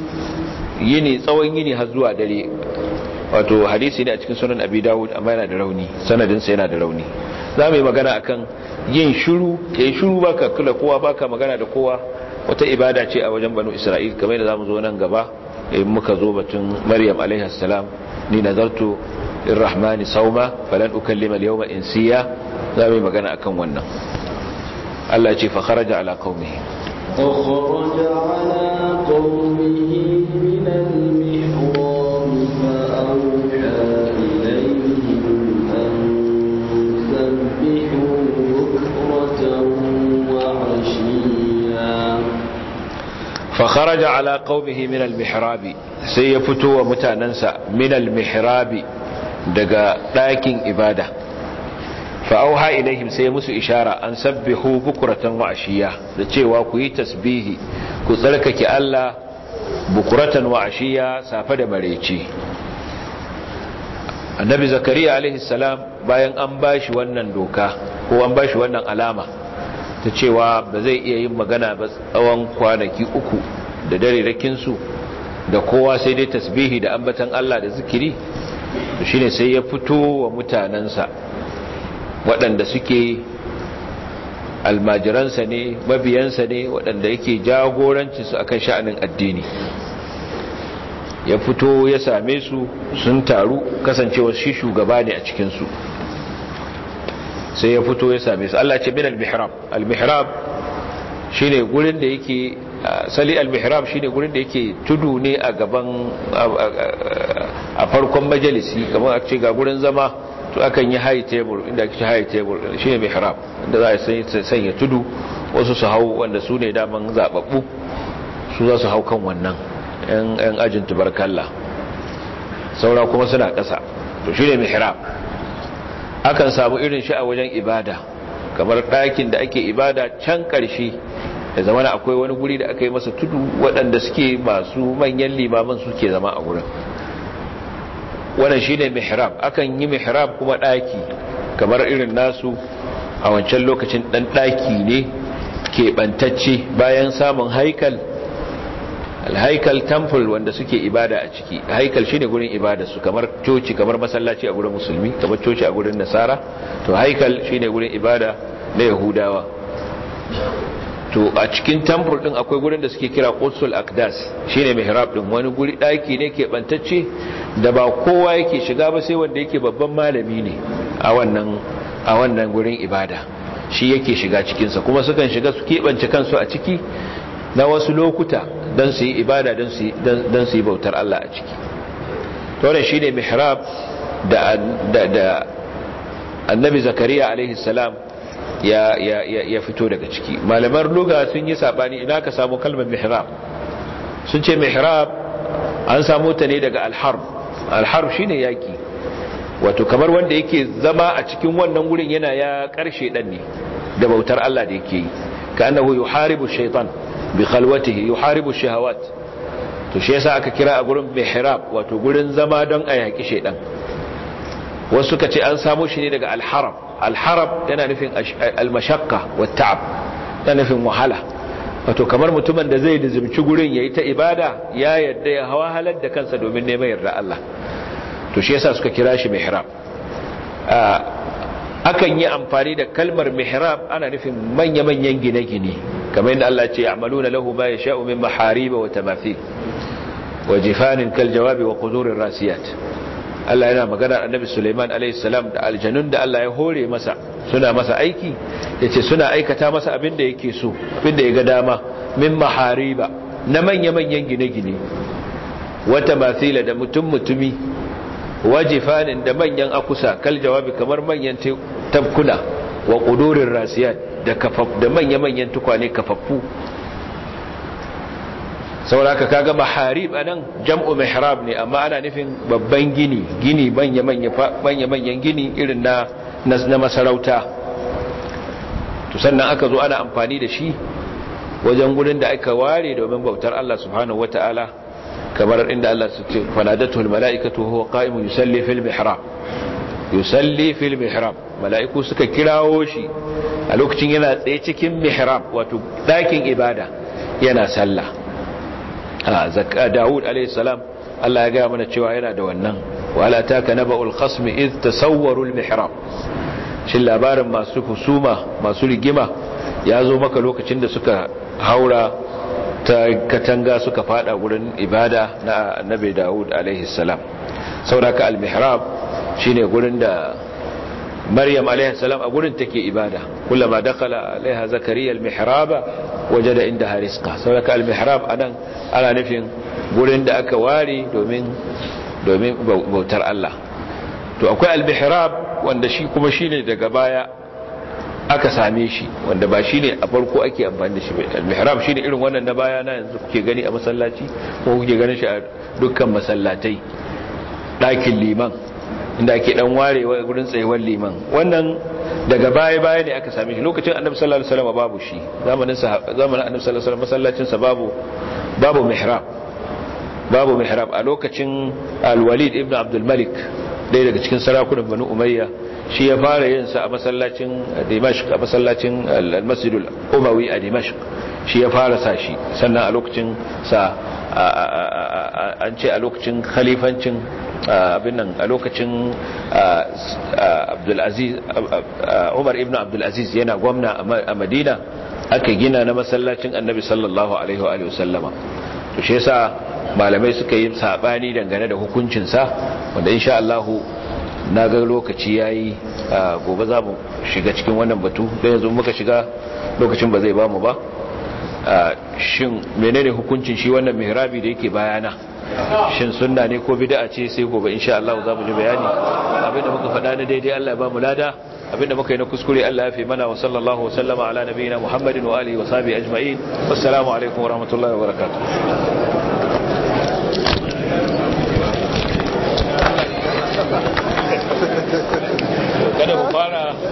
yini tsawon yini har zuwa dare wato hadisi ne a cikin sunan abi dawud amma yana da rauni sanadinsa yana da rauni za mu yi magana akan yin shiru ya yi shiru baka kula kowa baka magana da kowa wata ibada ce a wajen banu isra'il kamar yadda za mu zo nan gaba in muka zo batun maryam alaihi salam ni nazartu irrahmani sauma falan ukallima alyawma in insiya za mu yi magana akan wannan Allah ya ce fa kharaja ala qaumihi fakharaja ala qaumihi min al-mihrabi sai ya fito wa mutanensa min mihrabi daga ɗakin ibada fa'auha ilaihim sai musu ishara an sabbihu bukuratan wa da cewa kuyi tasbihi ku tsarkake Allah bukuratan wa ashiya safe da mareci annabi zakariya alaihi salam bayan an bashi wannan doka ko an bashi wannan alama ta cewa ba zai iya yin magana ba tsawon kwanaki uku da dare rakinsu da kowa sai dai tasbihi da ambatan Allah da zikiri shi ne sai ya fito wa mutanensa waɗanda suke almajiransa ne mabiyansa ne waɗanda yake jagorancinsu akan sha'anin addini ya fito ya same su sun taru kasancewa shi shugaba ne a cikinsu sai ya fito ya same su Allah ce min al-mihrab al-mihrab shine gurin da yake sali al-mihrab shine gurin da yake tudu ne a gaban a farkon majalisi kamar a ce ga gurin zama to akan yi high table inda ake high table shine mihrab inda za a sanya tudu wasu su hau wanda su ne daman zababbu su za su hau kan wannan yan ajin tubarkalla saura kuma suna ƙasa to shine mihrab akan samu irin shi a wajen ibada kamar ɗakin da ake ibada can ƙarshe da zamana akwai wani guri da aka yi masa tudu waɗanda suke masu manyan limaman suke zama a wurin wannan shi ne mihrab akan yi mihrab kuma ɗaki kamar irin nasu a wancan lokacin ɗan ɗaki ne keɓantacce bayan samun haikal alhaikal temple wanda suke ibada a ciki haikal shine gurin ibada su kamar coci kamar masallaci a gurin musulmi kamar coci a gurin nasara to haikal shine gurin ibada na yahudawa to a cikin temple din akwai gurin da suke kira qusul aqdas shine mihrab din wani guri daki ne ke bantacce da ba kowa yake shiga ba sai wanda yake babban malami ne a wannan a wannan gurin ibada shi yake shiga cikinsa kuma sukan shiga su keɓance kansu a ciki na wasu lokuta don su yi ibada don su yi bautar Allah a ciki tore shi ne mihrab da annabi zakariya alaihissalam ya fito daga ciki malamar luga sun yi saɓani ina ka samu kalmar mihrab sun ce mihrab an samu ta ne daga alharb alharb shi ne yaƙi wato kamar wanda yake zama a cikin wannan wurin yana ya karshe ɗan ne da bautar Allah da yake yi ka annahu yuharibu shaitan bi khalwatihi yuharibu shahawat to shi yasa aka kira a gurin mihrab wato gurin zama don a yaki shedan wasu suka ce an samo shi ne daga alharam alharam yana nufin almashakka wata'ab yana nufin wahala wato kamar mutumin da zai dizimci gurin yayi ta ibada ya yadda ya hawa halar da kansa domin neman yarda Allah to shi yasa suka kira shi mihrab akan yi amfani da kalmar mihrab ana nufin manya-manyan gine-gine kamar yadda Allah ce ya'maluna lahu ma yasha'u min mahariba wa tamathil wa jifanin kal jawabi wa qudurir rasiyat Allah yana magana annabi Sulaiman alayhi salam da aljanun da Allah ya hore masa suna masa aiki yace suna aikata masa abin da yake so abin da ya ga dama min mahariba na manya manyan gine-gine wa tamathila da mutum mutumi wa jifanin da manyan akusa kal jawabi kamar manyan tabkuna wa qudurir rasiyat da manya-manyan tukwane kafaffu sauraka kaga maharib anan jam'u mihrab ne amma ana nufin babban gini gini manya-manyan gini irin na na masarauta to sannan aka zo ana amfani da shi wajen gudun da aka ware domin bautar Allah subhanahu wata'ala kamar inda Allah su ce fanadatul mala'ikatu huwa qa'imun yusalli fil mihrab yusalli fil mihrab mala'iku suka kirawo shi a lokacin yana tsaye cikin mihrab wato ɗakin ibada yana sallah a dawud alaihissalam Allah ya gaya mana cewa yana da wannan wala ta ka naba ulkhasmi iz tasawwaru mihrab. shin labarin masu husuma masu rigima ya zo maka lokacin da suka haura ta katanga suka fada wurin ibada na annabi dawud alaihissalam sauraka mihrab shine gurin da maryam alaiha salam a gurin take ibada kullama dakala alaiha zakariya almihraba wajada indaha rizqa saboda almihrab anan ana nufin gurin da aka ware domin bautar Allah to akwai almihrab wanda shi kuma shine daga baya aka same shi wanda ba shine a farko ake amfani da shi ba al-mihrab irin wannan na baya na yanzu kuke gani a masallaci ko kuke ganin shi a dukkan masallatai ɗakin liman inda ake dan warewa gurin tsayuwar liman wannan daga baya baya ne aka same shi lokacin annabi sallallahu alaihi wasallam babu shi zamanin zamanin annabi sallallahu alaihi wasallam masallacin babu babu mihrab babu mihrab a lokacin al-walid ibn abdul malik dai daga cikin sarakunan banu umayya shi ya fara yin sa a masallacin dimashq a masallacin al-masjid umawi a dimashq shi ya fara sa shi sannan a lokacin sa an ce a lokacin khalifancin abin nan a lokacin umar ibn abdulaziz yana gwamna a madina aka gina na masallacin annabi sallallahu alaihi wa sallama to shi yasa malamai suka yi sabani dangane da hukuncinsa wanda insha Allah na ga lokaci yayi gobe za mu shiga cikin wannan batu don yanzu muka shiga lokacin ba zai bamu ba shin menene hukuncin shi wannan mihrabi da yake bayana shin sunna ne ko bid'a ce sai gobe insha Allah za mu ji bayani abinda muka faɗa na daidai Allah ya ba mu lada abinda muka yi na kuskure Allah ya fi mana wa sallallahu wa sallama ala nabiyina Muhammadin wa alihi wa sahbihi ajma'in wassalamu alaikum wa rahmatullahi wa barakatuh